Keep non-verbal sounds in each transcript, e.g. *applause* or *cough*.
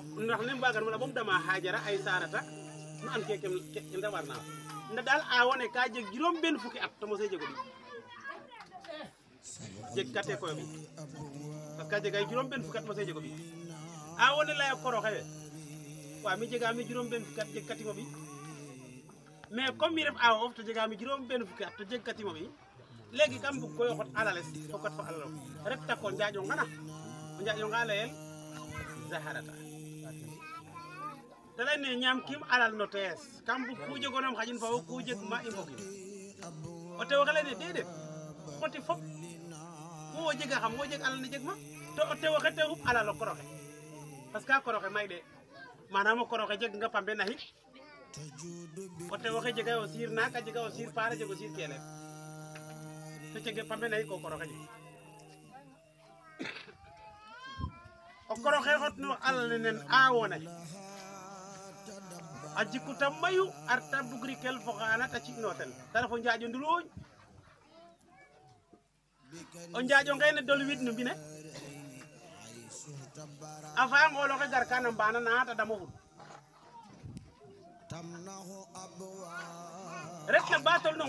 ndax ne mbaganmo ɗa ɓom dama ay sarata nu an ke kem nda dal a wone ka jeg juróom benn fukki at to mose jego ɗi jeg kate koyo ɓi parce mi jega mi juróom benn mais comme mi ref a to jega mi juróom benn fukki at to jeg katimo ɓi léegi kam bug koy xot alales fokat fo alalo ret tako njaaƴo ngana o njaaƴo nga layel zaharata telene ñaam kim alal no tees kam bu kuje gonam xajin fa kuje ma imbokin o tew xelene dede xoti fop wo jega xam wo jeg alal ne jeg ma to o tew xete xup alal o koroxe parce que a koroxe may de manam o koroxe jeg nga pambe naxi o tew xe jega o sir nak a jega o sir paara jeg o sir kele to jege pambe naxi ko koroxe jeg *coughs* o koroxe xot no alal ne nen a wone Aji kutam mayu arta bugri kel fogana ta ci noten tara fo njaajo nduloñ o njaajo nubine. dol yang no bine a fa ya ngolo ke gar kana mbana na ta damo rek na batol no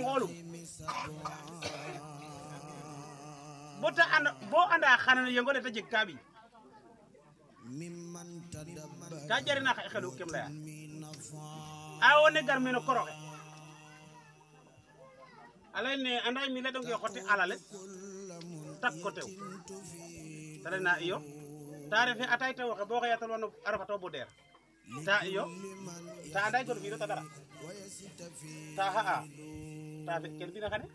bota an bo anda xana yang ta jeg kabi ka jarina xelu kem la ya Aone gar garmeno koroke. Alain ne anday mi ledong yo xote alale tak kote. tew tare na iyo ta refe atay tew xe bo xeyatal wano a refato bo ta iyo ta anday gor fiino ta dara ta xa'a ta fe kel bina kane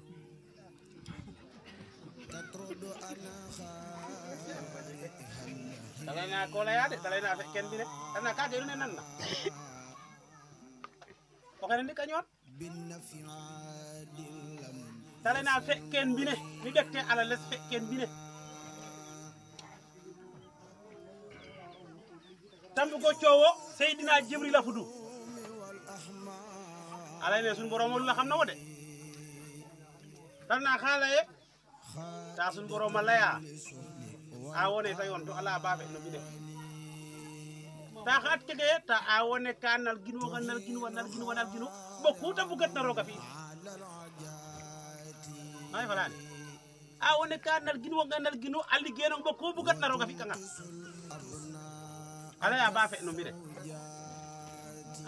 tala na ko de na fe kel bina tala na ka geru ne nan na oxene ndika ñoon tale na fe ken mbine mi ƴek te les fe ken mbine tambugo coowo seydina jibril a fudu alay ne sun borom la xam na wo de tan na xaalaye ta sun borom a laya a wone ta yoon to ala no mbine ta xat ke ta awone kanal ginu kanal ginu kanal ginu kanal ginu bokuta bugat na roga fi ay falan awone kanal ginu kanal ginu ali geno bokku bugat na roga fi kanga ala ya ba fe no mire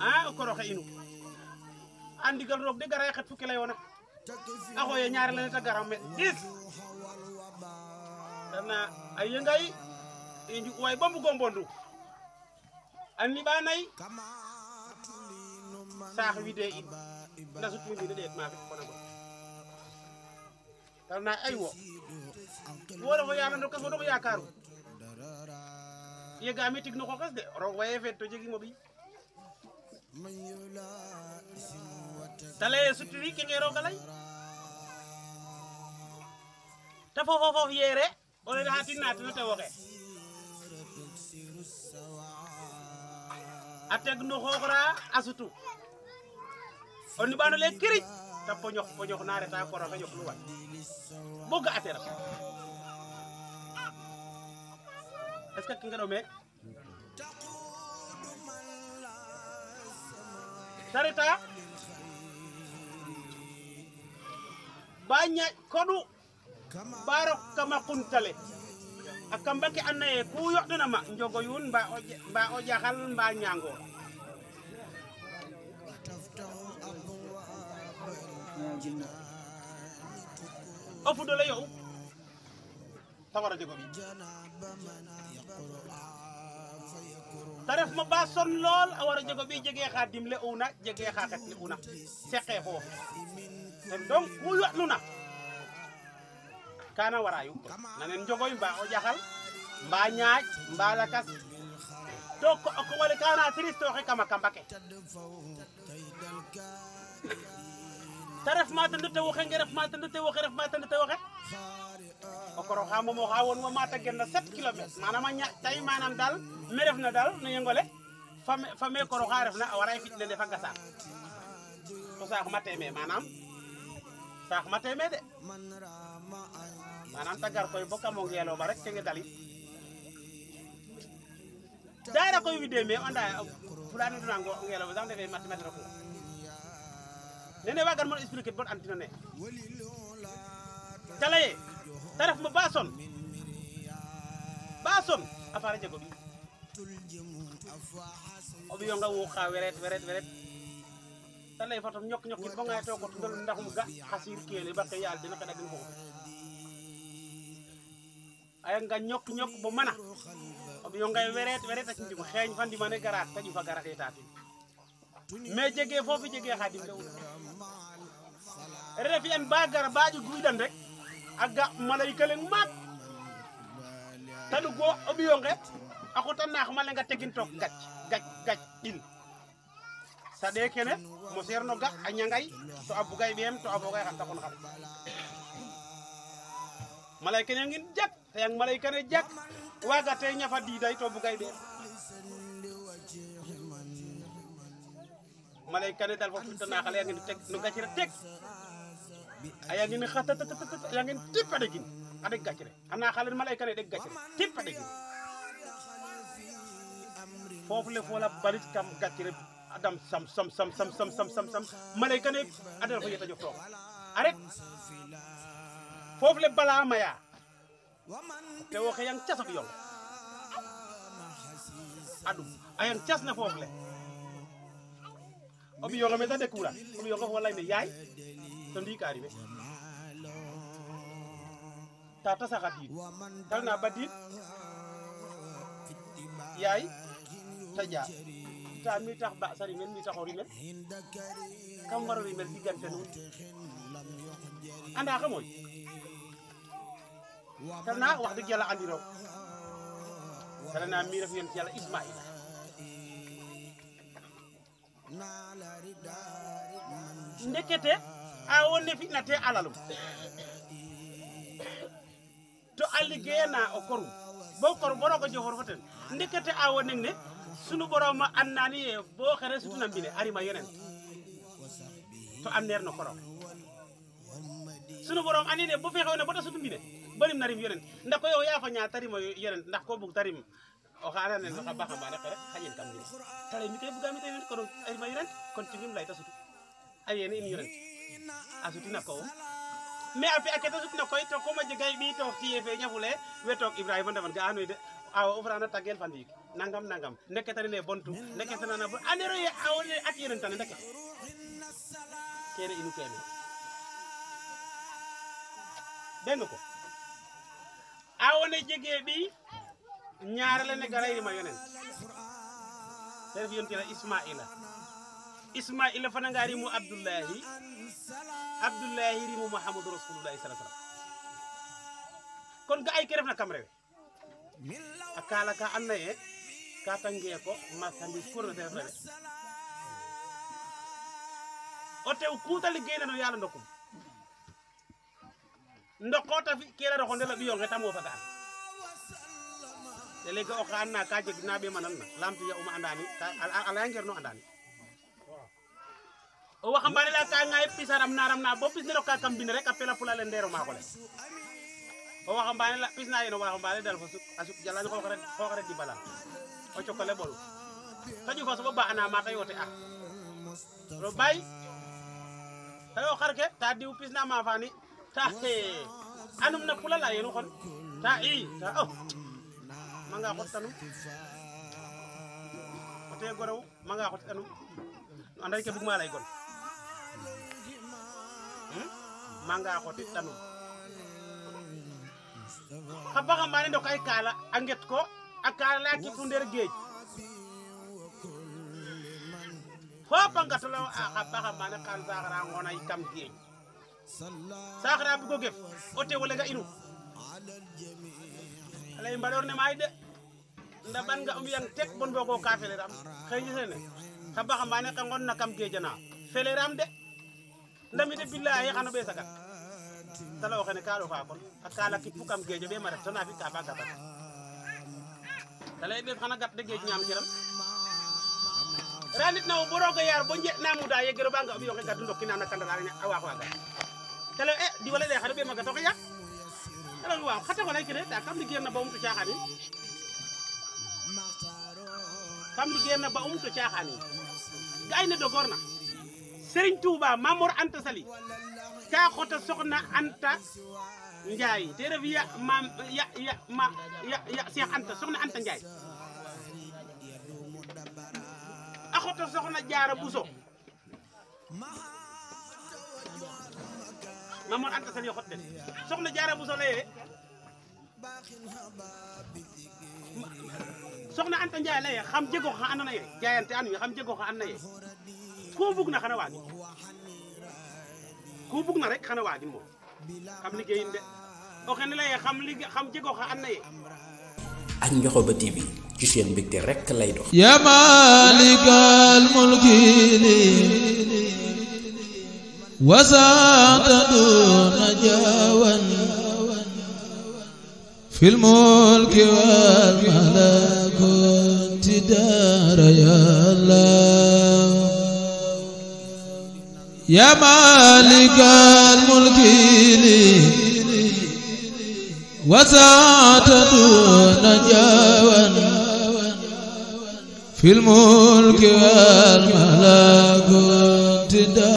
ah ko roxe inu andigal rog de gara xat fukki lay wona ako ye ñaar la ta garam is dana ay ngay inju way bambu gombondu anni ɓa nayi saaha wiide in dasutumi mbiɗa ɗeet ma fek kona gon tawna ay wo woɗo fo yanando kas woɗo ko yakaru yegami tigno ko kas de roog waye feed to jegimo ɓiy ta leye sutiri kenge roga ley te fofo fof yeere o lele xa tinna teno tewo xe ateg no xoxora asutu ba no le kiri ta poñox poñox na reta ko rafa ñok lu wat ga atera est ce que nga do me banya kodu barok kama kuntale a kamba ke andona ye ku yoɗuna ma njogo mba o jaxal mba ñango o fudole yo'u ta wara jego ɓiy te ref ma ba son lool a wara jego ɓiy jege xa dimle una jege xa xet le una seqe xoox ten donc ku yoɗnuna kana wara yumpa nanen jogoy ba o jaxal mba ba mba lakas to ko ko wala kana tristo waxe kama kamba ke taref ma tan te waxe ngeref ma tan te waxe ref ma tan te waxe o ko xa mo xa won ma ta genna 7 km manama nya tay manam dal me ref na dal no yengole fam fam ko xa ref na waray fit ne defa gasa ko sa ko mate me manam sa ko mate me de manam tagar koy boka mo ngelo ba rek tege dali daira koy wide me anda fulani dina ngo ngelo ba dang defe mathématique ko nene wagar mo expliquer bon antina ne dalaye taraf mo bason bason afara jego bi obi yo nga wo xa weret weret weret talay fatam ñok ñok ko ngay to ko ndol ndax mu ga xasir kele ba kay yal dina ka dagin ko ay nga ñok ñok bu mana ob yo ngay weret weret ak ndim xeñ fan di mané garat ta ju fa garat etati mais jégué fofu jégué xadim dawul refi en ba gar ba ju guidan rek aga malayka len mat tanu go ob yo nge ako tan nax malé nga tegin tok gaj gaj gaj in sade kene mo serno ga anyangay to abugay bem to abugay kan takon xam malayka ngin jak yang malaikat ne jak waga te nyafa dida to gay be malaika ne dal fofu tana xale ngeen tek nu gacire tek aya ah, khata ta ta ta aya ngeen tipa de gin ade gacire ana ah, xale malaika de gacire tipa de gin fofu le fola balit kam gacire adam sam sam sam sam sam sam sam sam malaika ne adal fo yeta ya, jo tok arek fofu le bala maya te woxe yang cas ak yongo aɗum ayan casna foof le o ɓiyongo me sa découra ah. o ɓiyongo fo layme yaay to ndiik arrivé tata saxadiid talna badiid yaay ta ƴa ta mi tax ba sa rimel mi taxo rimel kam waro rimel diggante nuun anda xamoy Tana wax dëgg yàlla andi raw Tana mii ref yonent yàlla Ismaïla ndekete a wonne fi'nate alalum to a liggeyana o korum bo kor borogo fo ten ndekete a wonne ne sunu borom a annani ye bo xere sutuna mbine a yonen to an neer no koro sunu borom anine bo fexewne bota sutu mbine barim narim yeren ndax ko yow ya fa ñaar tarima yeren ndax ko bug tarim o xala ne no xaba xaba rek xayen kam ni tale mi kay bugami tayen ko ay ma yeren kon ci ngim lay tasutu ay yene in yeren asuti na ko me ape aketa sut na koy to ko ma jegay bi to tiye fe ñafule wetok ibrahim ndaman ga anoy de a o frana tagel fan yik nangam nangam neketani ne bontu neketana na anero ye awne ak yeren tan ndeke kene inu kene dengo awone jege bi ñaar la ne garayri ma yonen te ref yonte la ismaila ismaila fana nga rimu abdullahi abdullahi rimu muhammadu rasulullahi sallallahu kon ga ay ke refna kam rewe a ka andona ye ka tange ko marchandise pour no te ref rewe o tew kuuta liggéey na no ndokum ndokota fi kera ro ndela biyo ngeta mo fata tele ga o xanna ka jeg na be manan na lamtu ya uma andani ala ngir no andani o wax mbare la ka ngay e pisaram naram na bo pis ne ka kam bin rek apela pula le ndero mako le o wax mbare la pis na yeno wax mbare dal fasuk asuk jalan ko xare ko xare di bala o cokole bol taju fasu ba ana ma tayote ah ro bay tayo xarke ta diw pis na ma fani ta anum na pula la yenu ya, kon ta i ta oh manga ko tanu, ko te goraw manga ko tanu, anday ke bugma lay gon hmm? manga ko tanu tanum xaba kala angket ko akala ki tunder geej fo pangatalo a ah, xaba xam mané kan zaara ngonay kam sakra bugo gef o wala ga inu alay mbalor ne may de nda nga um yang tek bon bogo ka ni sene ta baxa mbane xe na kam gejana ram de de billahi xano ɓe sagat tala waxe ne ka fa kon ak kala kippu kam gejo be mara tona fi ka fa gabat tala ye xana gat de gej ñaam kiram ranit na o boroga yar bo njeɗ na ba nga um yo xe gat ndokina na kandararene a kala eh, e ɗi waɗa ɗe ɓe magga tokoya alan waw xa taxo lay kene ta kam ligeerna ba um to caxanin kam ligeerna ba um to caxanin ga ay ne dogorna serigne touba mamor anta sali ka xota soxna anta njaay te ref ya ma ya ya cheikh anta soxna anta njaay a xota soxna jaara buso Mamour Anta Sali yo xot den soxna Jaara Buso leye soxna Anta Ndiaye leye xam jego xa andona ye ku bug na xana waagin ku bug na rek xana waagin moom xam liggéeyin de o xene leye xam liggéey xa andona ye ak Ndiokhoba TV ci seen mbégte rek lay dox ya malikal mulki وزاد دون في الملك والملكوت دار يا الله يا مالك الملك لي وزاد دون في الملك والملكوت دار